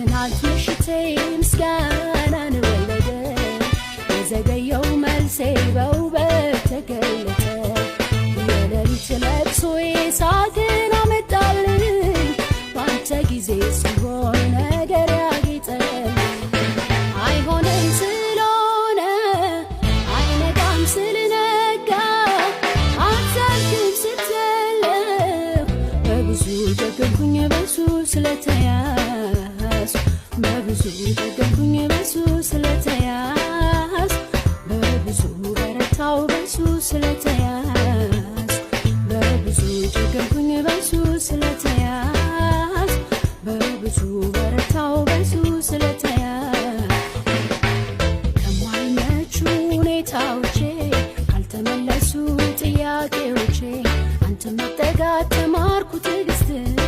የትናንት ምሽቴ ምስጋና ንወለደ የዘገየው መልሴ በውበት ተገለጠ። የሌሊት ለብሶ ሳቅን አመጣልኝ ባንተ ጊዜ ሲሆን ነገር ያጌጠ አይሆንም ስለሆነ አይነጋም ስለነጋ አታርግም ስትለው በብዙ ደገፍኩኝ በብዙ ስለተያ በብዙ ደገፍኩኝ በሱ ስለተያዝ በብዙ በረታው በሱ ስለተያዝ በብዙ ደገፍኩኝ በሱ ስለተያዝ በብዙ በረታው በሱ ስለተያዝ ከማይመቹ ሁኔታዎቼ ካልተመለሱ ጥያቄዎቼ አንተ መጠጋት ተማርኩ ትዕግስት